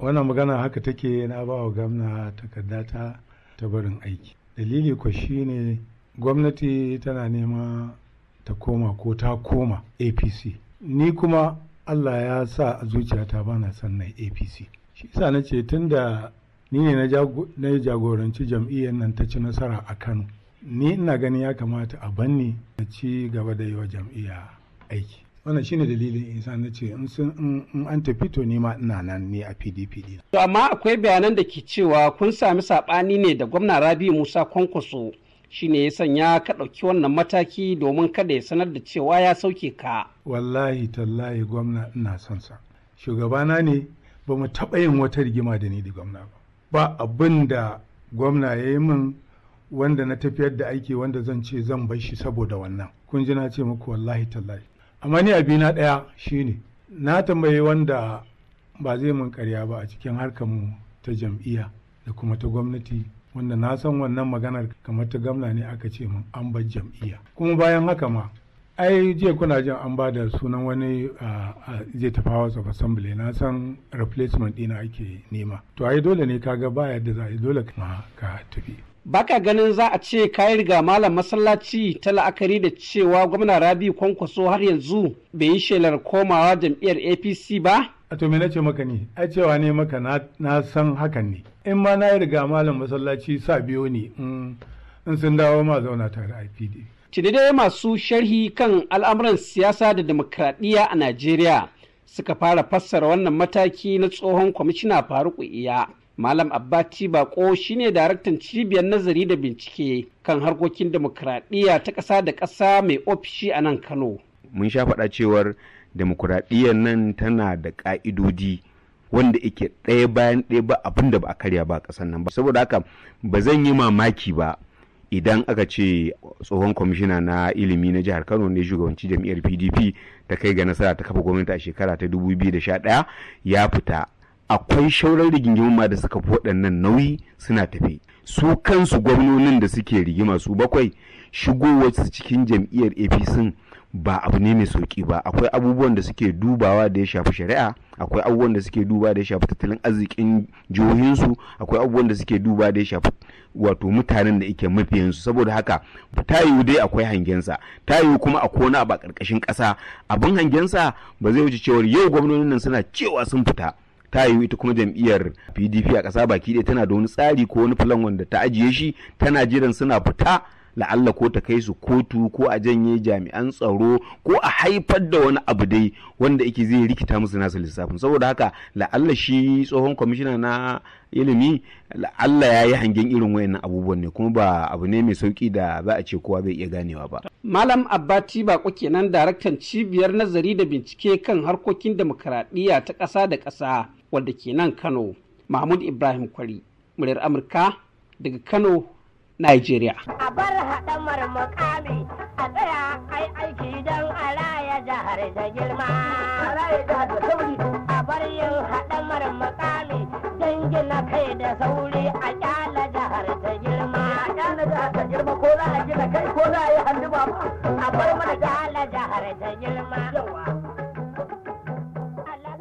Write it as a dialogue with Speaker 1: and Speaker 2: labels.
Speaker 1: wannan magana haka take na ba wa gwamna takardata ta barin aiki dalili kwa shine gwamnati tana nema ta koma ko ta koma apc ni kuma allah ya sa a zuciyata ba na son apc shi sa na ce tun da ni ne na jagoranci jam'iyyar nan ta ci nasara a kano ni ina ganin ya kamata a banni na ci gaba da yi wa jam'iyya aiki wannan shine dalilin isa na ce in an tafi to ni ma ina nan ne a pdp
Speaker 2: to amma akwai bayanan da ke cewa kun sami saɓani ne da gwamna rabi musa kwankwaso shine ya sanya ka ɗauki wannan mataki domin kada ya sanar da cewa ya sauke
Speaker 1: ka wallahi tallahi gwamna ina son sa shugabana ne ba mu taɓa yin wata rigima da ni da gwamna ba ba abin da gwamna ya yi min wanda na tafiyar da aiki wanda zan ce zan bar shi saboda wannan kun ji na ce muku wallahi tallahi amma ni na ɗaya shine na tambayi wanda ba zai mun karya ba a cikin harkar mu ta jam'iyya da kuma ta gwamnati wanda na san wannan maganar kamar ta gamna ne aka ce mun an bar jam'iyya kuma bayan haka ma ai jiya kuna jin an ba da sunan wani zai tafi house of assembly na san replacement din ake nema to ai dole ne kaga ba yadda za a dole kuma ka tafi baka ganin
Speaker 2: za a ce kayi riga malam masallaci ta la'akari da cewa gwamna rabi kwankwaso har
Speaker 1: yanzu bai yi shelar komawa jam'iyyar apc ba a to me nace maka ne ai cewa ne maka na san hakan ne in ma na yi riga malam masallaci sa biyo ne in sun dawo ma zauna tare a pdp dai masu sharhi kan al'amuran siyasa
Speaker 2: da demokradiyya a Najeriya suka fara fassara wannan mataki na tsohon kwamishina Faruku Iya. Malam Abbati Bako shine daraktan cibiyar nazari da bincike kan harkokin demokradiyya ta ƙasa da ƙasa mai ofishi a nan Kano.
Speaker 3: Mun sha faɗa cewar demokradiyyar nan tana da ƙa'idodi wanda yake ɗaya bayan ɗaya ba abin da ba a karya ba a nan ba saboda haka ba zan yi mamaki ba idan aka ce tsohon kwamishina na ilimi na jihar kano ne shugabanci jam'iyyar pdp ta kai ga nasara ta kafa gwamnati a shekara ta 2011 ya fita akwai shauran rigingimu ma da suka fi waɗannan nauyi suna tafi su kansu gwamnonin da suke rigima su bakwai shigowarsu cikin jam'iyyar apc ba abu ne mai sauki ba akwai abubuwan da suke dubawa da ya shafi shari'a akwai abubuwan da suke duba da ya shafi tattalin arzikin jihohinsu akwai abubuwan da suke duba da ya shafi wato mutanen da yake mafiyansu saboda haka ta yiwu dai akwai hangensa ta yiwu kuma a kona ba karkashin ƙasa abin hangensa ba zai wuce cewar yau gwamnonin nan suna cewa sun fita ta yiwu ita kuma jam'iyyar pdp a ƙasa baki ɗaya tana da wani tsari ko wani filan wanda ta ajiye shi tana jiran suna fita la'alla ko ta kai su kotu ko a janye jami'an tsaro ko a haifar da wani abu dai wanda yake zai rikita musu nasu lissafin saboda haka la'alla shi tsohon kwamishina na ilimi la'alla ya yi hangen irin wayannan abubuwan ne kuma ba abu ne mai sauki da za a ce kowa bai iya ganewa ba
Speaker 2: malam abbati bako kenan daraktan cibiyar nazari da bincike kan harkokin demokaradiyya ta ƙasa da ƙasa wadda ke nan kano mahmud ibrahim kwari muryar amurka daga kano nigeria haɗamar mukami a tsaya ai aiki don alaya jihar da girma. A bar yin haɗamar mukami don gina kai da sauri a da girma. A ƙyala jihar da girma ko za a gina kai ko za a yi hannu ba. A bar mana ƙyala jihar da girma.